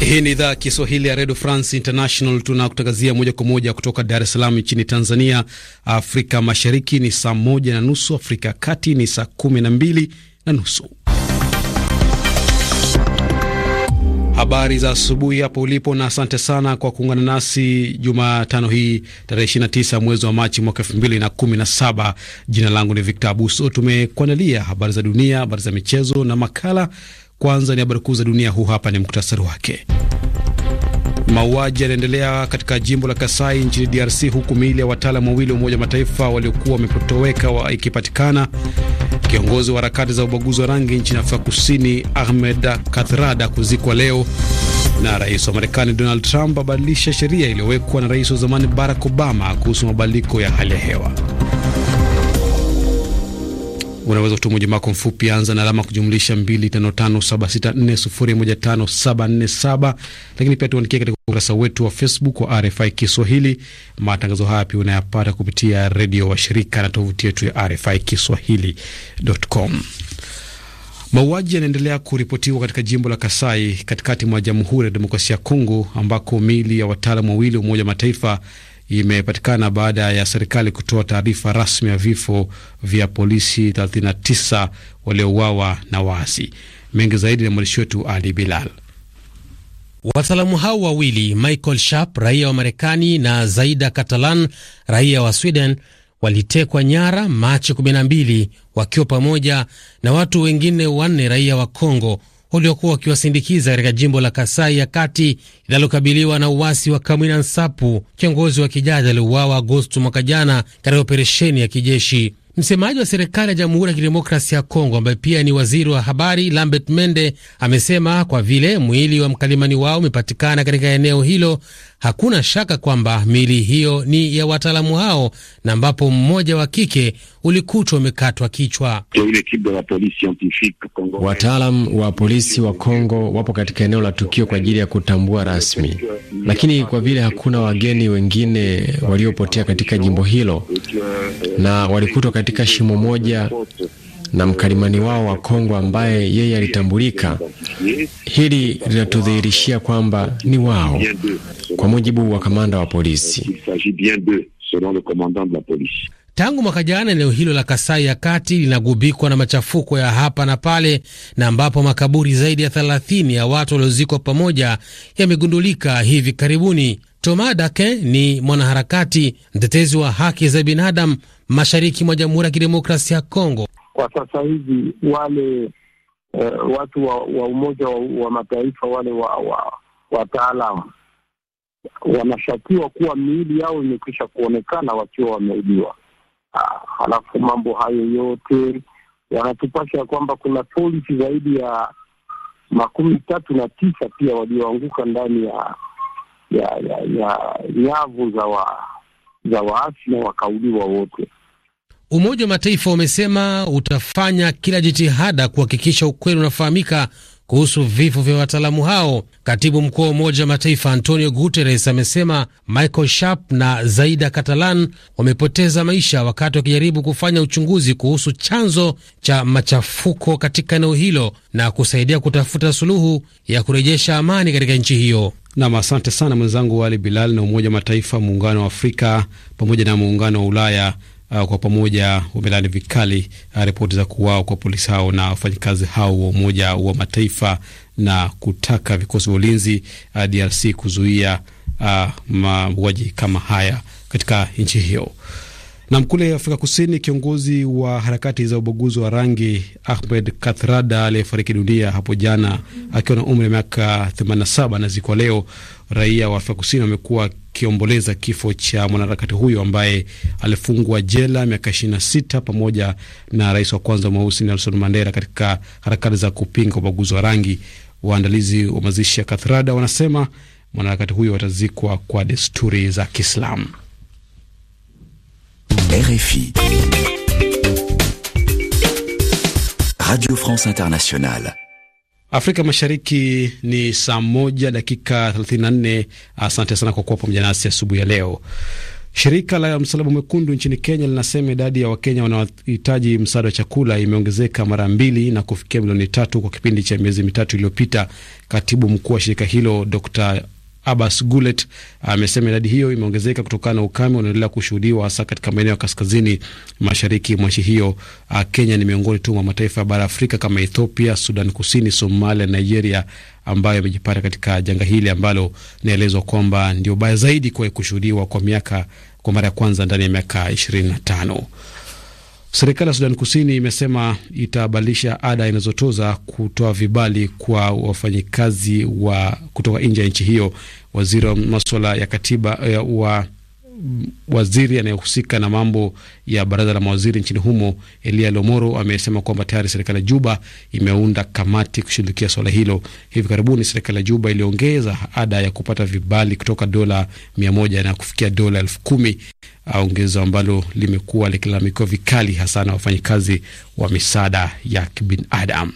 Hii ni idhaa ya Kiswahili ya redio France International. Tunakutangazia moja kwa moja kutoka Dar es Salaam nchini Tanzania. Afrika Mashariki ni saa moja na nusu, Afrika ya Kati ni saa kumi na mbili na nusu. Habari za asubuhi hapo ulipo, na asante sana kwa kuungana nasi Jumatano hii tarehe 29 mwezi wa Machi mwaka 2017. Jina langu ni Victor Abuso. Tumekuandalia habari za dunia, habari za michezo na makala kwanza ni habari kuu za dunia, huu hapa ni muktasari wake. Mauaji yanaendelea katika jimbo la Kasai nchini DRC, huku miili ya wataalam wawili wa Umoja wa Mataifa waliokuwa wamepotoweka wa ikipatikana. Kiongozi wa harakati za ubaguzi wa rangi nchini Afrika Kusini Ahmed Kathrada kuzikwa leo. Na rais wa Marekani Donald Trump abadilisha sheria iliyowekwa na rais wa zamani Barack Obama kuhusu mabadiliko ya hali ya hewa unaweza kutuma ujumbe wako mfupi, anza na alama kujumlisha 255764015747. Lakini pia tuandikie katika ukurasa wetu wa Facebook wa RFI Kiswahili. Matangazo haya pia unayapata kupitia redio wa shirika na tovuti yetu ya RFI Kiswahili.com. Mauaji yanaendelea kuripotiwa katika jimbo la Kasai katikati mwa Jamhuri ya Demokrasia ya Kongo ambako miili ya wataalamu wawili wa Umoja wa Mataifa imepatikana baada ya serikali kutoa taarifa rasmi ya vifo vya polisi 39 waliouawa na waasi. Mengi zaidi na mwandishi wetu Ali Bilal. Wataalamu hao wawili Michael Sharp, raia wa Marekani, na Zaida Catalan, raia wa Sweden, walitekwa nyara Machi 12 wakiwa pamoja na watu wengine wanne raia wa congo waliokuwa wakiwasindikiza katika jimbo la Kasai ya kati linalokabiliwa na uasi wa Kamwina Nsapu, kiongozi wa kijadi aliuawa Agosto mwaka jana katika operesheni ya kijeshi. Msemaji wa serikali ya Jamhuri ya Kidemokrasia ya Kongo ambaye pia ni waziri wa habari Lambert Mende amesema kwa vile mwili wa mkalimani wao umepatikana katika eneo hilo, hakuna shaka kwamba miili hiyo ni ya wataalamu hao, na ambapo mmoja wa kike ulikutwa umekatwa kichwa. Wataalam wa polisi wa Kongo wapo katika eneo la tukio kwa ajili ya kutambua rasmi, lakini kwa vile hakuna wageni wengine waliopotea katika jimbo hilo na walikutwa katika shimo moja na mkalimani wao wa Kongo ambaye yeye alitambulika. Hili linatudhihirishia kwamba ni wao, kwa mujibu wa kamanda wa polisi. Tangu mwaka jana eneo hilo la Kasai ya kati linagubikwa na machafuko ya hapa na pale, na ambapo makaburi zaidi ya thelathini ya watu waliozikwa pamoja yamegundulika hivi karibuni. Thomas Dake ni mwanaharakati mtetezi wa haki za binadamu mashariki mwa Jamhuri ya Kidemokrasia ya Kongo kwa sasa hivi wale eh, watu wa, wa Umoja wa, wa Mataifa wale wataalam wa, wa wanashakiwa kuwa miili yao imekwisha kuonekana wakiwa wameuliwa. Ah, halafu mambo hayo yote yanatupasha ya kwamba kuna polisi zaidi ya makumi tatu na tisa pia walioanguka ndani ya ya ya nyavu za wa, za waasi na wakauliwa wote. Umoja wa Mataifa umesema utafanya kila jitihada kuhakikisha ukweli unafahamika kuhusu vifo vya wataalamu hao. Katibu mkuu wa Umoja wa Mataifa Antonio Guterres amesema Michael Sharp na Zaida Catalan wamepoteza maisha wakati wakijaribu kufanya uchunguzi kuhusu chanzo cha machafuko katika eneo hilo na kusaidia kutafuta suluhu ya kurejesha amani katika nchi hiyo. Nam, asante sana mwenzangu Ali Bilal. Na Umoja wa Mataifa, Muungano wa Afrika pamoja na Muungano wa Ulaya uh, kwa pamoja wamelani vikali uh, ripoti za kuwao kwa polisi hao na wafanyakazi hao wa Umoja wa Mataifa na kutaka vikosi vya ulinzi uh, ah, DRC kuzuia uh, mauaji kama haya katika nchi hiyo. Na mkule Afrika Kusini, kiongozi wa harakati za ubaguzi wa rangi Ahmed Kathrada aliyefariki dunia hapo jana akiwa na umri wa miaka 87 na zikwa leo, raia wa Afrika Kusini wamekuwa akiomboleza kifo cha mwanaharakati huyo ambaye alifungwa jela miaka 26 pamoja na rais wa kwanza mweusi Nelson Mandela katika harakati za kupinga ubaguzi wa rangi. Waandalizi wa mazishi ya Kathrada wanasema mwanaharakati huyo watazikwa kwa desturi za Kiislamu. RFI Radio France Internationale Afrika Mashariki ni saa moja dakika 34. Asante sana kwa kuwa pamoja nasi asubuhi ya leo. Shirika la Msalaba Mwekundu nchini Kenya linasema idadi ya Wakenya wanaohitaji msaada wa chakula imeongezeka mara mbili na kufikia milioni tatu kwa kipindi cha miezi mitatu iliyopita. Katibu mkuu wa shirika hilo Dr Abbas Gulet amesema idadi hiyo imeongezeka kutokana na ukame unaendelea kushuhudiwa hasa katika maeneo ya kaskazini mashariki mwa nchi hiyo. Ah, Kenya ni miongoni tu mwa mataifa ya bara Afrika kama Ethiopia, Sudan Kusini, Somalia, Nigeria ambayo yamejipata katika janga hili ambalo inaelezwa kwamba ndio baya zaidi kuwahi kushuhudiwa kwa miaka kwa mara ya kwanza ndani ya miaka ishirini na tano Serikali ya Sudan Kusini imesema itabadilisha ada inazotoza kutoa vibali kwa wafanyikazi wa kutoka nje ya nchi hiyo. Waziri wa maswala ya katiba eh, wa waziri anayehusika na mambo ya baraza la mawaziri nchini humo Elia Lomoro amesema kwamba tayari serikali ya Juba imeunda kamati kushughulikia swala hilo. Hivi karibuni serikali ya Juba iliongeza ada ya kupata vibali kutoka dola mia moja na kufikia dola elfu kumi ongezo ambalo limekuwa likilalamikiwa vikali hasa na wafanyikazi wa misaada ya kibinadamu.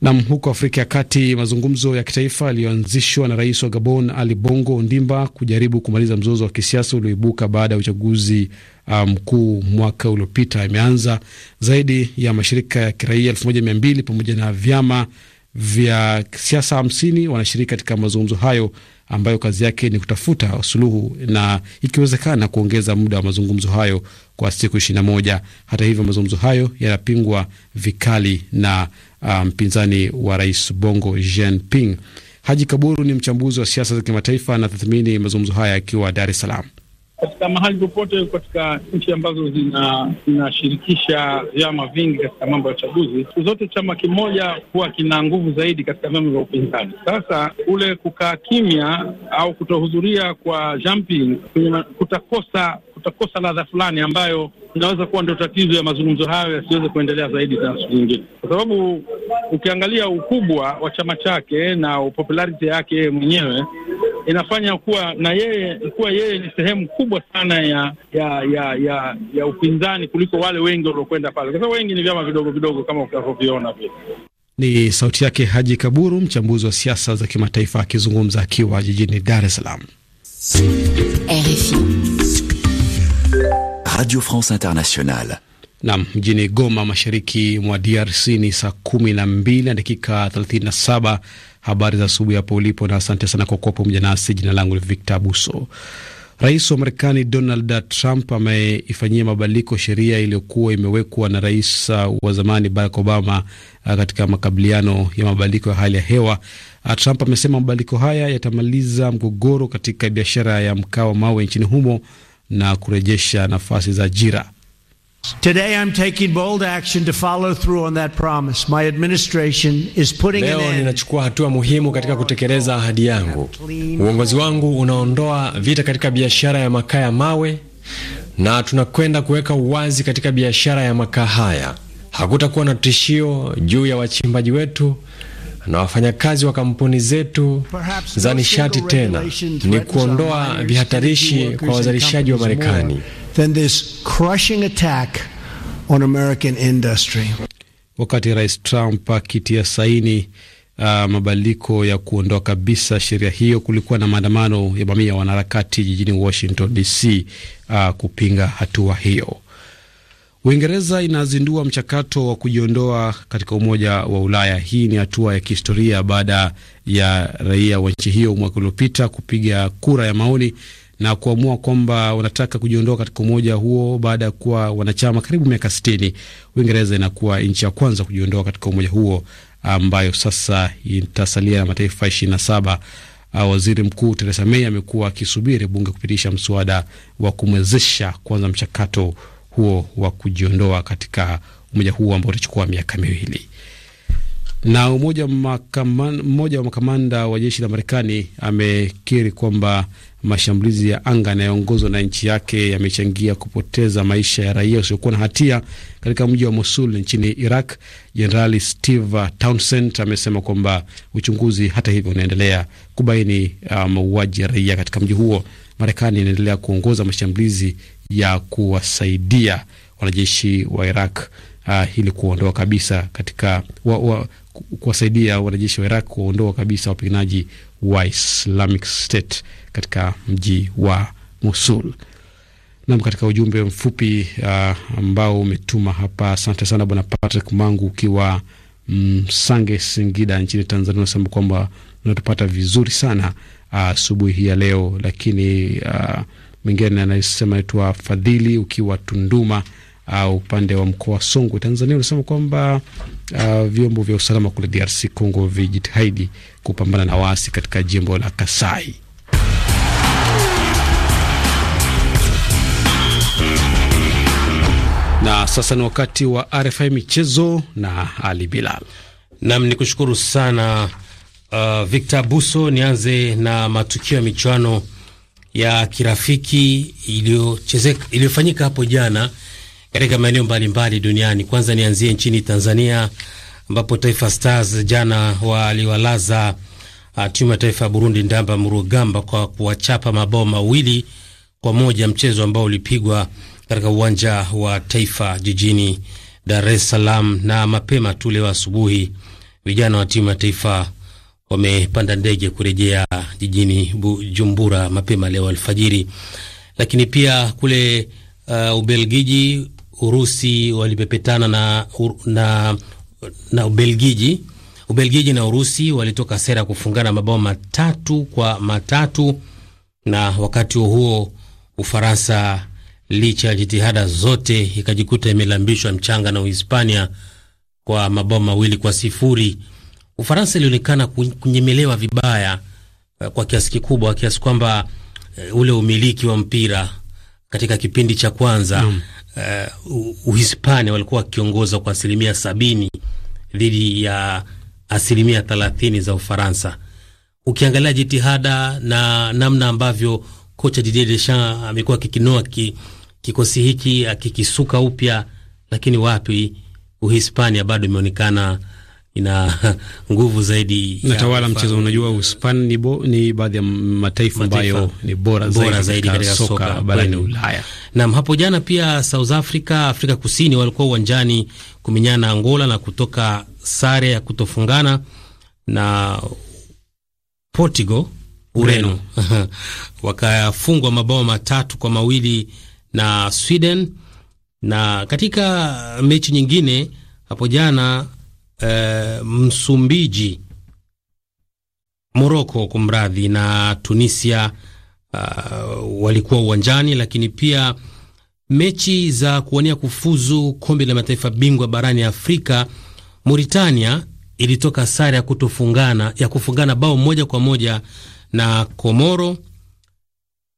Nam, huko Afrika ya Kati, mazungumzo ya kitaifa yaliyoanzishwa na rais wa Gabon Ali Bongo Ondimba kujaribu kumaliza mzozo wa kisiasa ulioibuka baada ya uchaguzi ah, mkuu um, mwaka uliopita imeanza. Zaidi ya mashirika ya kiraia elfu moja mia mbili pamoja na vyama vya siasa hamsini wanashiriki katika mazungumzo hayo ambayo kazi yake ni kutafuta suluhu na ikiwezekana kuongeza muda wa mazungumzo hayo kwa siku ishirini na moja. Hata hivyo mazungumzo hayo yanapingwa vikali na Ah, mpinzani um, wa rais Bongo Jean Ping. Haji Kaburu ni mchambuzi wa siasa za kimataifa, anatathmini mazungumzo haya akiwa Dar es Salaam katika mahali popote katika nchi ambazo zinashirikisha vyama vingi katika mambo ya uchaguzi, siku zote chama kimoja huwa kina nguvu zaidi katika vyama vya upinzani. Sasa kule kukaa kimya au kutohudhuria kwa jumping kutakosa kutakosa ladha fulani ambayo inaweza kuwa ndio tatizo ya mazungumzo hayo yasiweze kuendelea zaidi tena siku nyingine, kwa sababu ukiangalia ukubwa wa chama chake na popularity yake mwenyewe inafanya kuwa na yeye kuwa yeye ni sehemu kubwa sana ya ya ya ya, ya upinzani kuliko wale wengi waliokwenda pale, kwa sababu wengi ni vyama vidogo vidogo kama utakavyoviona vile. Ni sauti yake Haji Kaburu, mchambuzi wa siasa za kimataifa akizungumza akiwa jijini Dar es Salaam. RFI Radio France Internationale. Nam, mjini Goma, mashariki mwa DRC ni saa kumi na mbili na dakika thelathini na saba. Habari za asubuhi hapo ulipo, na asante sana kwa kuwa pamoja nasi. Jina langu ni Victor Abuso. Rais wa Marekani Donald Trump ameifanyia mabadiliko sheria iliyokuwa imewekwa na rais uh, wa zamani Barack Obama uh, katika makabiliano ya mabadiliko ya hali ya hewa. Uh, Trump amesema mabadiliko haya yatamaliza mgogoro katika biashara ya mkaa wa mawe nchini humo na kurejesha nafasi za ajira. Today I'm taking bold action to follow through on that promise. My administration is putting Leo an end. Ninachukua hatua muhimu katika kutekeleza ahadi yangu. Uongozi wangu unaondoa vita katika biashara ya makaa ya mawe na tunakwenda kuweka uwazi katika biashara ya makaa haya. Hakutakuwa na tishio juu ya wachimbaji wetu na wafanyakazi wa kampuni zetu za nishati tena. Ni kuondoa vihatarishi kwa wazalishaji wa Marekani than this crushing attack on American industry. Wakati Rais Trump akitia saini uh, mabadiliko ya kuondoa kabisa sheria hiyo, kulikuwa na maandamano ya mamia ya wanaharakati jijini Washington DC uh, kupinga hatua hiyo. Uingereza inazindua mchakato wa kujiondoa katika Umoja wa Ulaya. Hii ni hatua ya kihistoria baada ya raia wa nchi hiyo mwaka uliopita kupiga kura ya maoni na kuamua kwamba wanataka kujiondoa katika umoja huo baada ya kuwa wanachama karibu miaka sitini. Uingereza inakuwa nchi ya kwanza kujiondoa katika umoja huo ambayo sasa itasalia na mataifa ishirini na saba. Ah, waziri Mkuu Theresa May amekuwa akisubiri bunge kupitisha mswada wa kumwezesha kuanza mchakato huo wa kujiondoa katika umoja huo ambao utachukua miaka miwili. Na umoja mmoja wa makamanda wa jeshi la Marekani amekiri kwamba mashambulizi ya anga yanayoongozwa na nchi yake yamechangia kupoteza maisha ya raia wasiokuwa na hatia katika mji wa Mosul nchini Iraq. Jenerali Steve Townsend amesema kwamba uchunguzi hata hivyo unaendelea kubaini uh, mauaji ya raia katika mji huo. Marekani inaendelea kuongoza mashambulizi ya kuwasaidia wanajeshi wa Iraq uh, ili kuondoa kabisa katika wa, wa, kuwasaidia wanajeshi wa Iraq kuondoa kabisa wapiganaji wa Islamic State katika mji wa Mosul. Nam, katika ujumbe mfupi uh, ambao umetuma hapa. Asante sana bwana Patrick Mangu ukiwa Msange Singida nchini Tanzania, unasema kwamba unatupata vizuri sana ah, asubuhi uh, hii ya leo. Lakini uh, ah, mwingine anasema naitwa Fadhili ukiwa Tunduma uh, upande wa mkoa wa Songwe, Tanzania, unasema kwamba uh, vyombo vya usalama kule DRC Congo vijitahidi kupambana na waasi katika jimbo la Kasai. Na sasa ni wakati wa RFI michezo na Ali Bilal. Nam ni kushukuru sana uh, Victor Buso. Nianze na matukio ya michuano ya kirafiki iliyofanyika hapo jana katika maeneo mbalimbali duniani. Kwanza nianzie nchini Tanzania ambapo Taifa Stars jana waliwalaza uh, timu ya taifa ya Burundi Ndamba Murugamba kwa kuwachapa mabao mawili kwa moja, mchezo ambao ulipigwa katika uwanja wa taifa jijini Dar es Salaam. Na mapema tu leo asubuhi vijana wa timu ya taifa wamepanda ndege kurejea jijini Bujumbura mapema leo alfajiri. Lakini pia kule uh, Ubelgiji, Urusi walipepetana na, na, na Ubelgiji Ubelgiji na Urusi walitoka sera ya kufungana mabao matatu kwa matatu, na wakati huo huo Ufaransa licha ya jitihada zote ikajikuta imelambishwa mchanga na Uhispania kwa mabao mawili kwa sifuri. Ufaransa ilionekana kunyemelewa vibaya eh, kwa kiasi kikubwa, kiasi kwamba eh, ule umiliki wa mpira katika kipindi cha kwanza mm. uh, Uhispania walikuwa wakiongoza kwa asilimia sabini dhidi ya asilimia thelathini za Ufaransa. Ukiangalia jitihada na namna ambavyo kocha Didier Deschamps amekuwa kikinoa ki, kikosi hiki akikisuka upya, lakini wapi, Uhispania bado imeonekana ina nguvu zaidi natawala mchezo. Unajua, Uhispania ni baadhi ya mataifa ambayo ni bora, bora zaidi katika soka barani Ulaya. Naam, hapo jana pia South Africa, Afrika Kusini walikuwa uwanjani kumenyana na Angola na kutoka sare ya kutofungana na Portugal, Ureno wakafungwa mabao matatu kwa mawili na Sweden. Na katika mechi nyingine hapo jana e, Msumbiji, Moroko kumradhi, na Tunisia uh, walikuwa uwanjani, lakini pia mechi za kuwania kufuzu kombe la mataifa bingwa barani Afrika, Mauritania ilitoka sare ya kutofungana ya kufungana bao moja kwa moja na Komoro.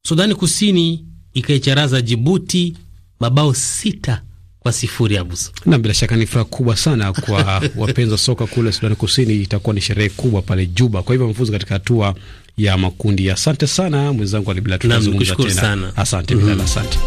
Sudani Kusini ikaicharaza Jibuti mabao sita kwa sifuri ya buso. Na bila shaka ni furaha kubwa sana kwa wapenzi wa soka kule Sudani Kusini. Itakuwa ni sherehe kubwa pale Juba. Kwa hivyo mfuzu katika hatua ya makundi. Asante sana mwenzangu, Alibila, tunazungumza tena. Asante bila, mhm. asante.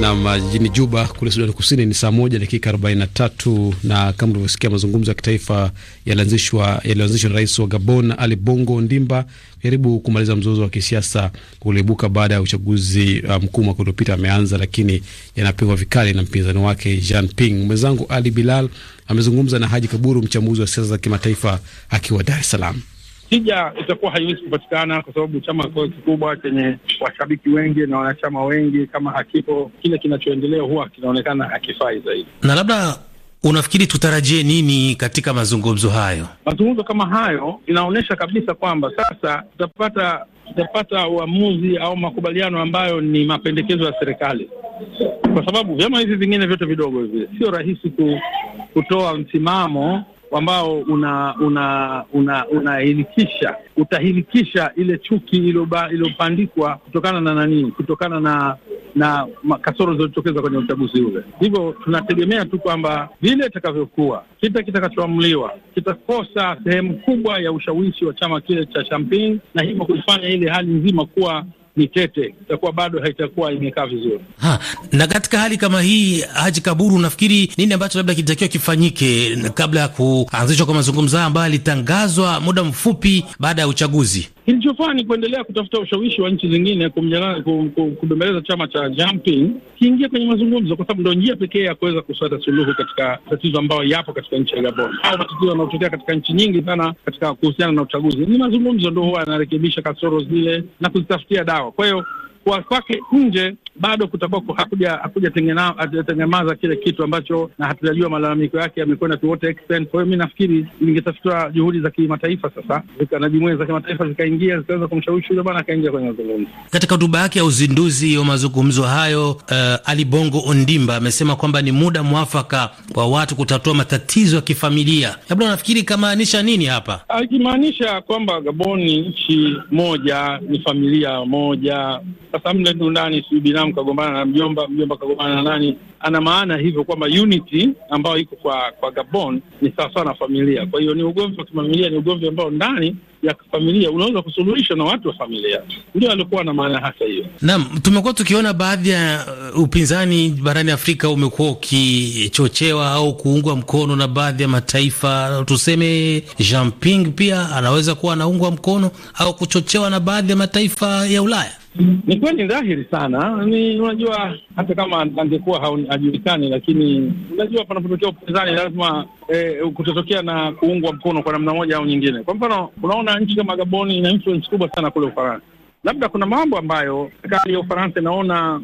Nam jijini Juba kule Sudani Kusini ni saa moja dakika 43, na kama ulivyosikia mazungumzo ya kitaifa yaliyoanzishwa na rais wa Gabon Ali Bongo Ndimba kujaribu kumaliza mzozo wa kisiasa ulioibuka baada ya uchaguzi uh, mkuu mwaka uliopita ameanza, lakini yanapingwa vikali na mpinzani wake Jean Ping. Mwenzangu Ali Bilal amezungumza na Haji Kaburu, mchambuzi wa siasa za kimataifa akiwa Dar es Salaam tija itakuwa haiwezi kupatikana kwa sababu chama kikubwa chenye washabiki wengi na wanachama wengi, kama hakipo, kile kinachoendelea huwa kinaonekana hakifai zaidi. Na labda unafikiri tutarajie nini katika mazungumzo hayo? Mazungumzo kama hayo inaonyesha kabisa kwamba sasa tutapata tutapata uamuzi au makubaliano ambayo ni mapendekezo ya serikali, kwa sababu vyama hivi vingine vyote vidogo hivi sio rahisi kutoa msimamo ambao una una, una, una utahilikisha ile chuki iliyopandikwa kutokana na nani, kutokana na na kasoro zilizotokeza kwenye uchaguzi ule. Hivyo tunategemea tu kwamba vile itakavyokuwa, kita kitakachoamliwa kitakosa sehemu kubwa ya ushawishi wa chama kile cha champagne, na hivyo kufanya ile hali nzima kuwa ni tete, itakuwa bado haitakuwa imekaa vizuri ha. Na katika hali kama hii, Haji Kaburu, unafikiri nini ambacho labda kilitakiwa kifanyike kabla ya kuanzishwa kwa mazungumzo haya ambayo yalitangazwa muda mfupi baada ya uchaguzi? Kilichofaa ni kuendelea kutafuta ushawishi wa nchi zingine kubembeleza chama cha Jumping kiingia kwenye mazungumzo, kwa sababu ndo njia pekee ya kuweza kusata suluhu katika tatizo ambayo yapo katika nchi ya Gabon au matatizo yanayotokea katika nchi nyingi sana katika kuhusiana na uchaguzi. Ni mazungumzo ndo huwa yanarekebisha kasoro zile na kuzitafutia dawa. Kwa hiyo kwa kwake nje bado kutakuwa hakuja hakujatengeneza kile kitu ambacho, na hatujajua malalamiko yake yamekwenda to what extent. Kwa hiyo mi nafikiri ningetafutwa juhudi za kimataifa sasa na jumuia za kimataifa zikaingia zikaweza kumshawishi yule bwana akaingia kwenye mazungumzo. Katika hotuba yake ya uzinduzi wa mazungumzo hayo, uh, Ali Bongo Ondimba amesema kwamba ni muda mwafaka wa watu kutatua matatizo ya kifamilia. Labda nafikiri ikamaanisha nini hapa? Ikimaanisha kwamba gaboni nchi moja, ni familia moja kwa sababu mle ndio ndani, sijui binamu kagombana na mjomba, mjomba kagombana na nani, ana maana hivyo kwamba unity ambayo iko kwa kwa Gabon ni sawasawa na familia. Kwa hiyo ni ugomvi wa kifamilia, ni ugomvi ambao ndani ya familia unaweza kusuluhisha na watu wa familia, ndio alikuwa na maana hasa hiyo. Naam, tumekuwa tukiona baadhi ya uh, upinzani barani Afrika umekuwa ukichochewa au kuungwa mkono na baadhi ya mataifa, tuseme Jean Ping pia anaweza kuwa anaungwa mkono au kuchochewa na baadhi ya mataifa ya Ulaya. Ni kweli dhahiri sana. Ni unajua hata kama angekuwa hajulikani, lakini unajua panapotokea upinzani lazima eh, kutotokea na kuungwa mkono kwa namna moja au nyingine. Kwa mfano, unaona nchi kama Gaboni ina influence kubwa sana kule Ufaransa. Labda kuna mambo ambayo serikali ya Ufaransa inaona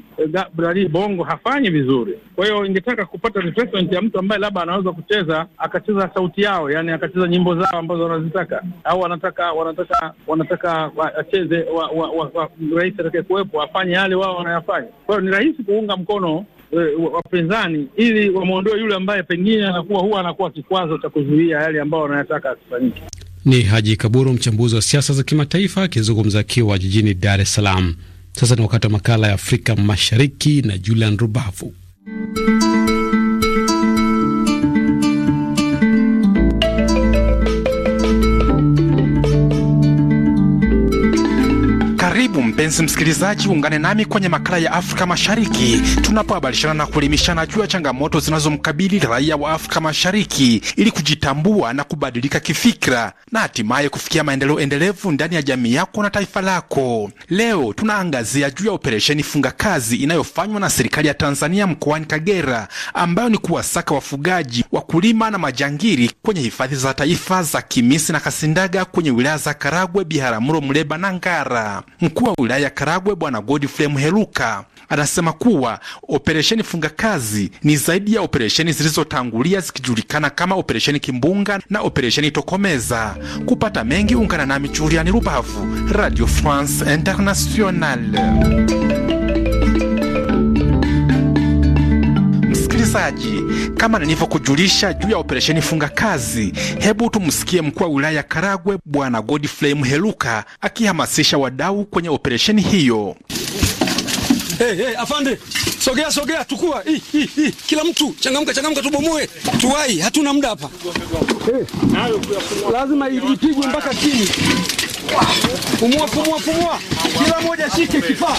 eh, Bongo hafanyi vizuri, kwa hiyo ingetaka kupata replacement ya mtu ambaye labda anaweza kucheza akacheza sauti yao, yani akacheza nyimbo zao ambazo wanazitaka, au wanataka wanataka wanataka acheze wa, wa, wa, wa, rais atakaye kuwepo afanye yale wao wanayafanya. Kwa hiyo ni rahisi kuunga mkono Eh, wapinzani ili wamwondoe yule ambaye pengine anakuwa huwa anakuwa kikwazo cha kuzuia yale ambayo wanayataka asifanyike. Ni Haji Kaburu, mchambuzi wa siasa za kimataifa akizungumza akiwa jijini Dar es Salaam. Sasa ni wakati wa makala ya Afrika Mashariki na Julian Rubavu. Karibu mpenzi msikilizaji, uungane nami kwenye makala ya Afrika Mashariki tunapohabarishana na kuelimishana juu ya changamoto zinazomkabili raia wa Afrika Mashariki ili kujitambua na kubadilika kifikra na hatimaye kufikia maendeleo endelevu ndani ya jamii yako na taifa lako. Leo tunaangazia juu ya operesheni funga kazi inayofanywa na serikali ya Tanzania mkoani Kagera, ambayo ni kuwasaka wafugaji, wakulima na majangiri kwenye hifadhi za taifa za Kimisi na Kasindaga kwenye wilaya za Karagwe, Biharamulo, mleba na Ngara. Mkuu wa wilaya ya Karagwe Bwana Godfrey Mheruka anasema kuwa operesheni funga kazi ni zaidi ya operesheni zilizotangulia zikijulikana kama operesheni Kimbunga na operesheni Tokomeza. Kupata mengi, ungana nami Juliani Rubavu, Radio France Internationale. msikilizaji, kama nilivyokujulisha juu ya operesheni funga kazi, hebu tumsikie mkuu wa wilaya ya Karagwe Bwana Godfrey Mheluka akihamasisha wadau kwenye operesheni hiyo. Hey, hey, afande sogea sogea, tukua hi, hi, hi. Kila mtu changamka changamka, tubomoe tuwai, hatuna muda hapa hey. Lazima ipigwe mpaka chini. Pumua pumua pumua, kila mmoja shike kifaa.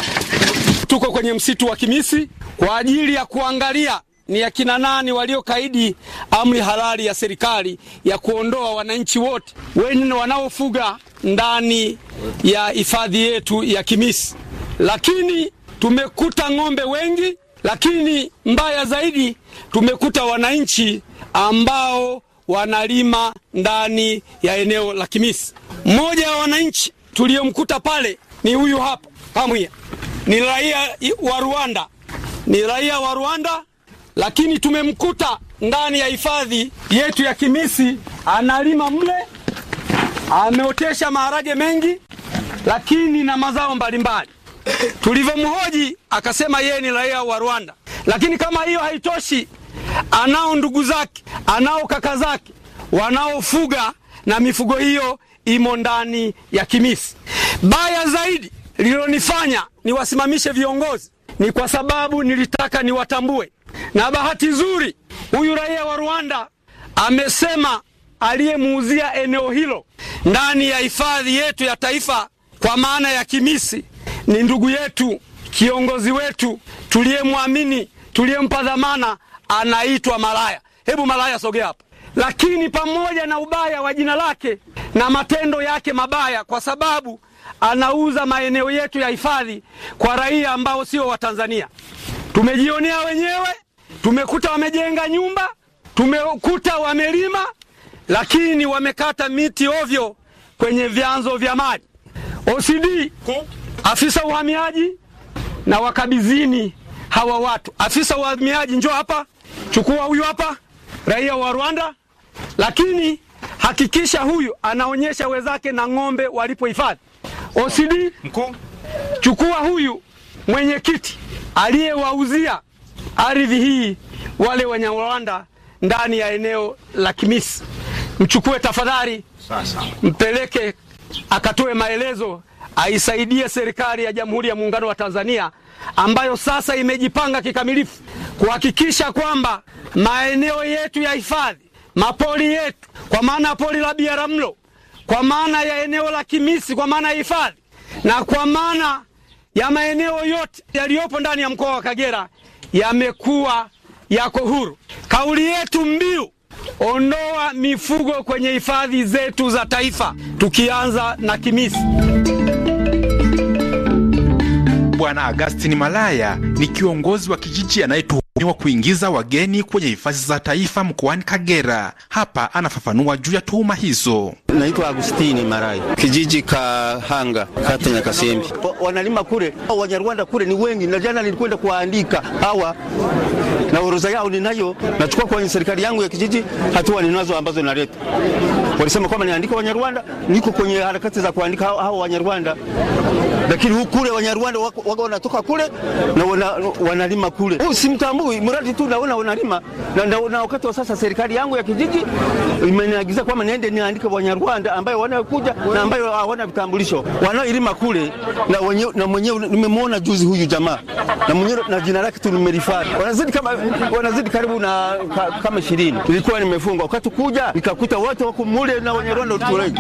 Tuko kwenye msitu wa Kimisi kwa ajili ya kuangalia ni akina nani waliokaidi amri halali ya serikali ya kuondoa wananchi wote wenye wanaofuga ndani ya hifadhi yetu ya Kimisi, lakini tumekuta ng'ombe wengi, lakini mbaya zaidi tumekuta wananchi ambao wanalima ndani ya eneo la Kimisi. Mmoja wa wananchi tuliyomkuta pale ni huyu hapa Pamwia, ni raia wa Rwanda, ni raia wa Rwanda lakini tumemkuta ndani ya hifadhi yetu ya Kimisi analima mle, ameotesha maharage mengi, lakini na mazao mbalimbali. Tulivyomhoji akasema yeye ni raia wa Rwanda, lakini kama hiyo haitoshi, anao ndugu zake, anao kaka zake wanaofuga na mifugo hiyo imo ndani ya Kimisi. Baya zaidi lililonifanya niwasimamishe viongozi ni kwa sababu nilitaka niwatambue na bahati nzuri, huyu raia wa Rwanda amesema aliyemuuzia eneo hilo ndani ya hifadhi yetu ya taifa kwa maana ya Kimisi ni ndugu yetu, kiongozi wetu tuliyemwamini, tuliyempa dhamana, anaitwa Malaya. Hebu Malaya, sogea hapa. Lakini pamoja na ubaya wa jina lake na matendo yake mabaya, kwa sababu anauza maeneo yetu ya hifadhi kwa raia ambao sio Watanzania, Tumejionea wenyewe, tumekuta wamejenga nyumba, tumekuta wamelima, lakini wamekata miti ovyo kwenye vyanzo vya maji. OCD, afisa uhamiaji, na wakabizini hawa watu. Afisa uhamiaji, njoo hapa, chukua huyu hapa, raia wa Rwanda, lakini hakikisha huyu anaonyesha wenzake na ng'ombe walipohifadhi. OCD, mkuu, chukua huyu mwenyekiti aliyewauzia ardhi hii wale Wanyarwanda ndani ya eneo la Kimisi, mchukue tafadhali, mpeleke akatoe maelezo, aisaidie serikali ya Jamhuri ya Muungano wa Tanzania ambayo sasa imejipanga kikamilifu kuhakikisha kwamba maeneo yetu ya hifadhi, mapori yetu, kwa maana ya pori la Biaramlo, kwa maana ya eneo la Kimisi, kwa maana ya hifadhi na kwa maana ya maeneo yote yaliyopo ndani ya mkoa wa Kagera yamekuwa yako huru. Kauli yetu mbiu, ondoa mifugo kwenye hifadhi zetu za taifa, tukianza na Kimisi. Bwana Agustin Malaya ni kiongozi wa kijiji anaitwa wa kuingiza wageni kwenye hifadhi za taifa mkoani Kagera. Hapa anafafanua juu ya tuhuma hizo. Naitwa Agustini Marai, kijiji Hanga, kata Nyakasembi. Wanalima kule Wanyarwanda kule ni wengi, na jana nilikwenda kuwaandika hawa na orodha yao ninayo, nachukua kwenye serikali yangu ya kijiji. Hatua ninazo ambazo naleta, walisema kwamba niandike Wanyarwanda, niko kwenye harakati za kuandika hao Wanyarwanda lakini huku kule Wanyarwanda wako, wanatoka kule na wana, wanalima kule. huu simtambui, mradi tu naona wanalima na, na, na wakati wa sasa serikali yangu ya kijiji imeniagiza kwamba niende niandike Wanyarwanda ambayo wanakuja na ambayo hawana vitambulisho wanaoilima kule, na, wenye, na mwenyewe nimemwona juzi huyu jamaa na mwenyewe na jina lake tu nimerifari, wanazidi kama wanazidi karibu na ka, kama 20 Nilikuwa nimefungwa wakati kuja nikakuta watu wako mule na Wanyarwanda utuleji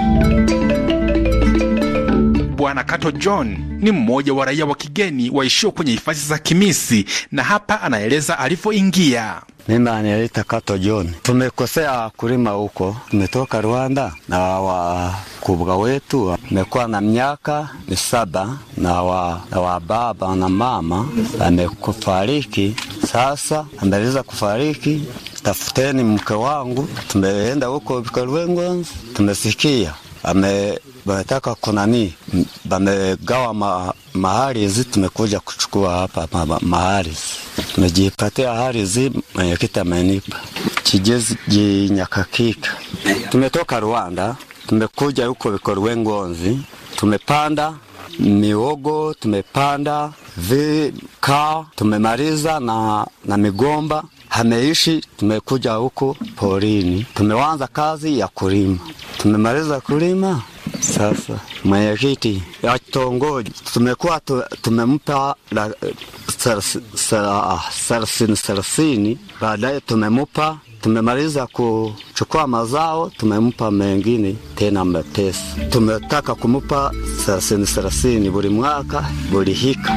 Bwana Kato John ni mmoja wa raia wa kigeni waishio kwenye hifadhi za Kimisi, na hapa anaeleza alivyoingia. Mimi anaelita Kato John, tumekosea kulima huko, tumetoka Rwanda na wakubwa wetu amekuwa na miaka saba na wa, na wa baba na mama amekufariki. Sasa ameweza kufariki, tafuteni mke wangu. Tumeenda huko Bikarwengo, tumesikia ametaka kunani, bamegawa ma, maharizi. Tumekuja kuchukua hapa ma, maharizi, tumejipatia harizi. Mwenyekiti amenipa chijezi jinyakakika. Tumetoka Rwanda, tumekuja huko Bikorwe ngonzi tumepanda miogo, tumepanda vikaa, tumemaliza na, na migomba hameishi. Tumekuja huko porini, tumeanza kazi ya kulima, tumemaliza kulima. Sasa mwenyekiti ya kitongoji tumekuwa tumempa thelathini ah, thelathini, baadaye tumemupa tumemaliza kuchukua mazao, tumempa mengine tena mepesa. Tumetaka kumupa thelathini thelathini buli mwaka buli hika.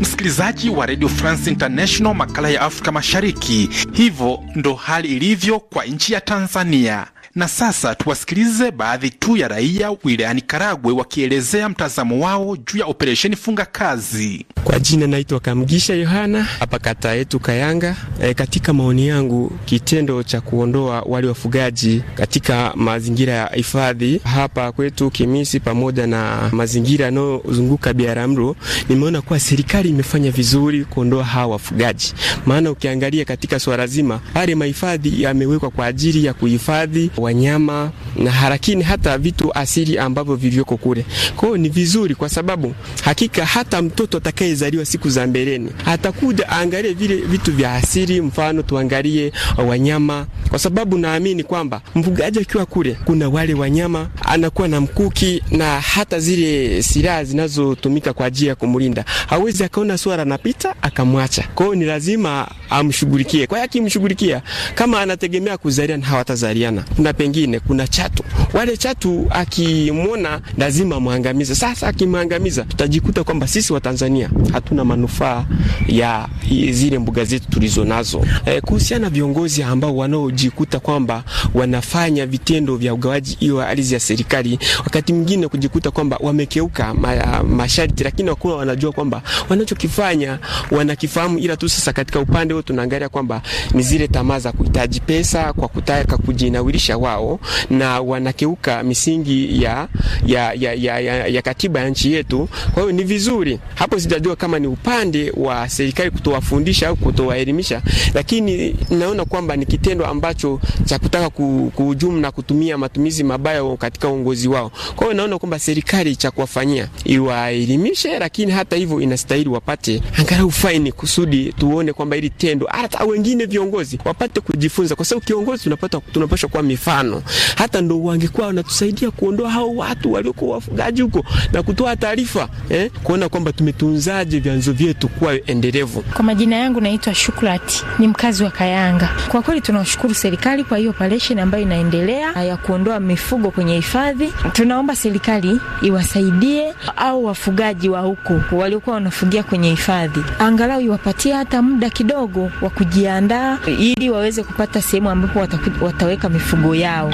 Msikilizaji wa Radio France International, makala ya Afrika Mashariki. Hivyo ndo hali ilivyo kwa nchi ya Tanzania. Na sasa tuwasikilize baadhi tu ya raia wilayani Karagwe wakielezea mtazamo wao juu ya operesheni funga kazi. Kwa jina naitwa Kamgisha Yohana, hapa kata yetu Kayanga. E, katika maoni yangu kitendo cha kuondoa wale wafugaji katika mazingira ya hifadhi hapa kwetu Kimisi pamoja na mazingira yanayozunguka Biaramlo, nimeona kuwa serikali imefanya vizuri kuondoa hawa wafugaji, maana ukiangalia katika swala zima pale mahifadhi yamewekwa kwa ajili ya kuhifadhi wanyama na harakini hata vitu asili ambavyo vilivyoko kule. Kwa hiyo ni vizuri, kwa sababu hakika hata mtoto atakayezaliwa siku za mbeleni atakuja aangalie vile vitu vya asili, mfano tuangalie wanyama, kwa sababu naamini kwamba mfugaji akiwa kule, kuna wale wanyama anakuwa na mkuki na hata zile silaha zinazotumika kwa ajili ya kumlinda, hawezi akaona swala napita akamwacha. Kwa hiyo ni lazima amshughulikie. Kwa hiyo akimshughulikia, kama anategemea kuzaliana, hawatazaliana. Kuna pengine kuna chatu, wale chatu akimwona lazima mwangamize. Sasa akimwangamiza, tutajikuta kwamba sisi Watanzania hatuna manufaa ya zile mbuga zetu tulizo nazo. E, kuhusiana viongozi ambao wanaojikuta kwamba wanafanya vitendo vya ugawaji hiyo ardhi ya serikali, wakati mwingine kujikuta kwamba wamekeuka ma, masharti, lakini wakuna wanajua kwamba wanachokifanya wanakifahamu, ila tu sasa katika upande tunaangalia kwamba ni zile tamaa za kuhitaji pesa kwa kutaka kujinawilisha wao, na wanakeuka misingi ya, ya, ya, ya, ya, ya katiba ya nchi yetu. Kwa hiyo ni vizuri hapo, sijajua kama ni upande wa serikali kutowafundisha au kutowaelimisha, lakini naona kwamba ni kitendo ambacho cha kutaka kuhujumu na kutumia matumizi mabaya katika uongozi wao. Kwa hiyo naona kwamba serikali cha kuwafanyia iwaelimishe, lakini hata hivyo inastahili wapate angalau faini kusudi tuone kwamba ili vitendo, hata wengine viongozi wapate kujifunza, kwa sababu kiongozi tunapata tunapaswa kuwa mifano. Hata ndo wangekuwa wanatusaidia kuondoa hao watu waliokuwa wafugaji huko na kutoa taarifa eh, kuona kwamba tumetunzaje vyanzo vyetu kuwa endelevu. Kwa majina yangu naitwa Shukrati, ni mkazi wa Kayanga. Kwa kweli tunashukuru serikali kwa hiyo operation ambayo inaendelea ah, ya kuondoa mifugo kwenye hifadhi. Tunaomba serikali iwasaidie au wafugaji wa huko waliokuwa wanafugia kwenye hifadhi, angalau iwapatie hata muda kidogo wadogo wa kujiandaa ili waweze kupata sehemu ambapo wataweka mifugo yao.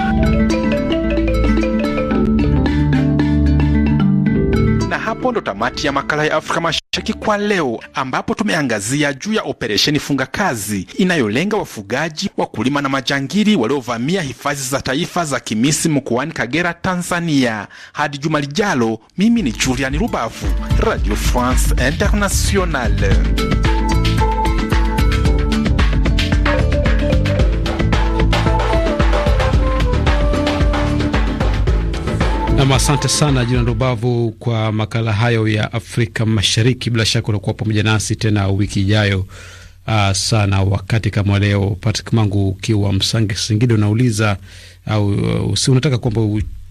Na hapo ndo tamati ya makala ya Afrika Mashariki kwa leo, ambapo tumeangazia juu ya operesheni funga kazi inayolenga wafugaji, wakulima na majangili waliovamia hifadhi za taifa za Kimisi mkoani Kagera, Tanzania. Hadi juma lijalo, mimi ni Juliani Rubavu, Radio France Internationale. Nam, asante sana Jina Ndobavu kwa makala hayo ya Afrika Mashariki. Bila shaka utakuwa pamoja nasi tena wiki ijayo uh, sana wakati kama leo. Patrick Mangu ukiwa Msange Singida unauliza au uh, si unataka kwamba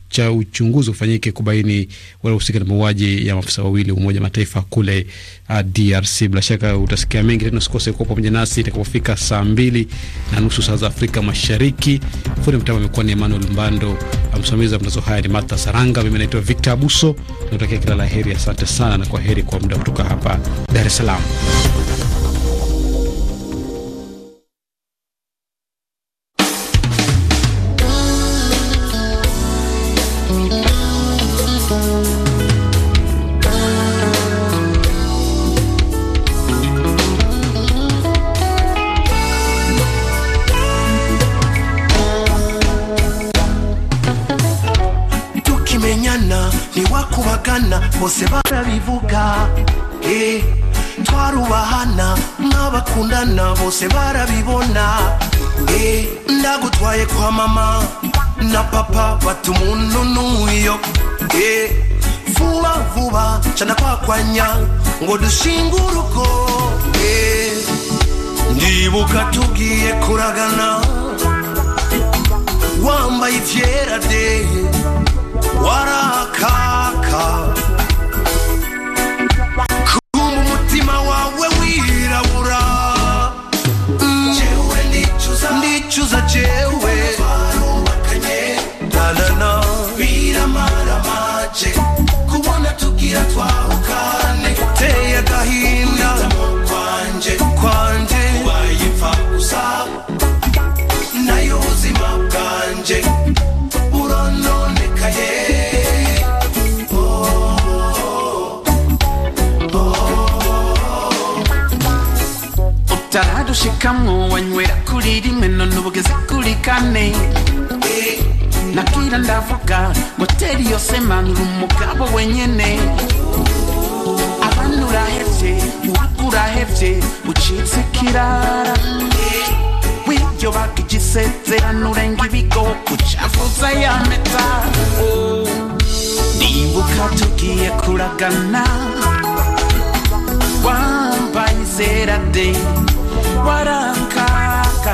cha uchunguzi ufanyike kubaini waliohusika na mauaji ya maafisa wawili Umoja Mataifa kule uh, DRC. Bila shaka utasikia mengi tena, usikose kuwa pamoja nasi itakapofika saa mbili na nusu saa za Afrika Mashariki. Fundi mtambo amekuwa ni Emmanuel Mbando, msimamizi wa matangazo haya ni Martha Saranga, mimi naitwa Victor Abuso, natakia kila la heri. Asante sana na kwa heri kwa muda kutoka hapa Dar es Salaam. bose barabivuga eh, twarubahana nk'abakundana bose barabibona eh, ndagutwaye kwa mama na papa umuntu n'uyo eh, vuba vuba cana kwakwanya ngo dushinge urugo ndibuka tugiye kuragana wambaye ibyera de warakaka kamu wanywera kuri rimeno n'ubugeze kuri kane nakira ndavuga ngo teri yose manura umugabo wenyine abana urahevye iwaku urahevye ucitse kirara w'ibyo baka igisezerano urenga ibigo kucavuza ya meta nibuka tugiye kuragana wambaye izera de waramkaka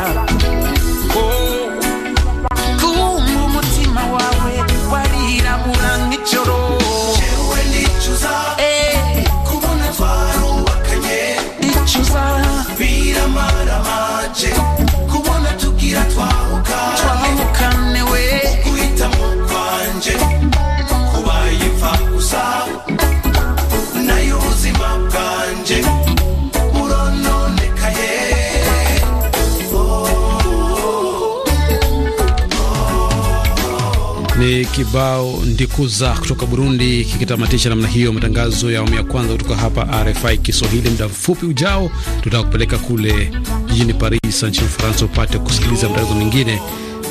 kibao ndikuza kutoka Burundi kikitamatisha namna hiyo matangazo ya awamu ya kwanza kutoka hapa RFI Kiswahili. Muda mfupi ujao, tutakupeleka kule jijini Paris nchini Ufaransa upate kusikiliza matangazo mengine,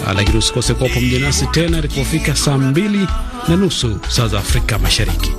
ah, lakini usikose kuwa pamoja nasi tena itakapofika saa mbili na nusu saa za Afrika Mashariki.